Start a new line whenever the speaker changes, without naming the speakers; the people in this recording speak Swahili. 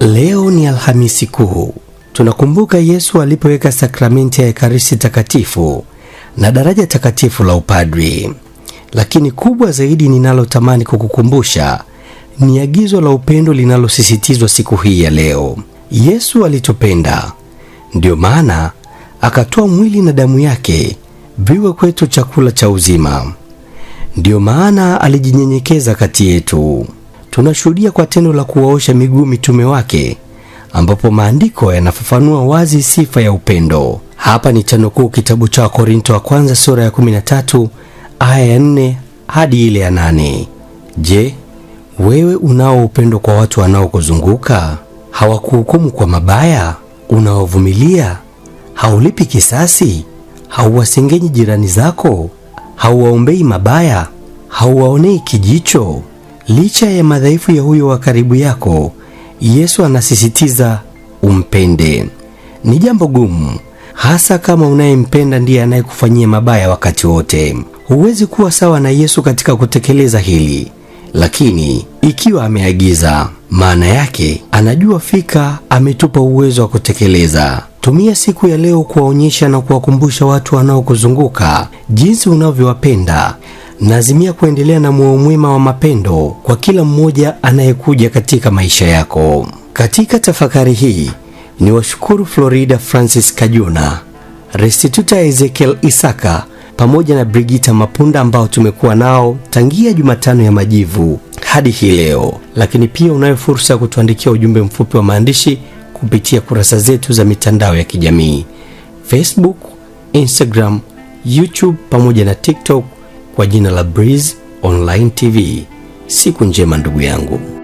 Leo ni Alhamisi Kuu, tunakumbuka Yesu alipoweka sakramenti ya Ekaristi Takatifu na daraja takatifu la upadri. Lakini kubwa zaidi ninalotamani kukukumbusha ni agizo la upendo linalosisitizwa siku hii ya leo. Yesu alitupenda, ndio maana akatoa mwili na damu yake viwe kwetu chakula cha uzima. Ndiyo maana alijinyenyekeza kati yetu tunashuhudia kwa tendo la kuwaosha miguu mitume wake, ambapo maandiko yanafafanua wazi sifa ya upendo. Hapa ni chanukuu kitabu cha Wakorinto wa kwanza sura ya 13 aya ya 4 hadi ile ya nane. Je, wewe unao upendo kwa watu wanaokuzunguka? Hawakuhukumu kwa mabaya? Unawavumilia? Haulipi kisasi? Hauwasengenyi jirani zako? Hauwaombei mabaya? Hauwaonei kijicho? Licha ya madhaifu ya huyo wa karibu yako, Yesu anasisitiza umpende. Ni jambo gumu, hasa kama unayempenda ndiye anayekufanyia mabaya wakati wote. Huwezi kuwa sawa na Yesu katika kutekeleza hili, lakini ikiwa ameagiza, maana yake anajua fika ametupa uwezo wa kutekeleza. Tumia siku ya leo kuwaonyesha na kuwakumbusha watu wanaokuzunguka jinsi unavyowapenda Nazimia kuendelea na moyo mwema wa mapendo kwa kila mmoja anayekuja katika maisha yako. Katika tafakari hii ni washukuru Florida Francis Kajuna, Restituta Ezekiel Isaka pamoja na Brigita Mapunda ambao tumekuwa nao tangia Jumatano ya Majivu hadi hii leo, lakini pia unayo fursa ya kutuandikia ujumbe mfupi wa maandishi kupitia kurasa zetu za mitandao ya kijamii Facebook, Instagram, YouTube pamoja na TikTok kwa jina la breeze Online TV. Siku njema ndugu yangu.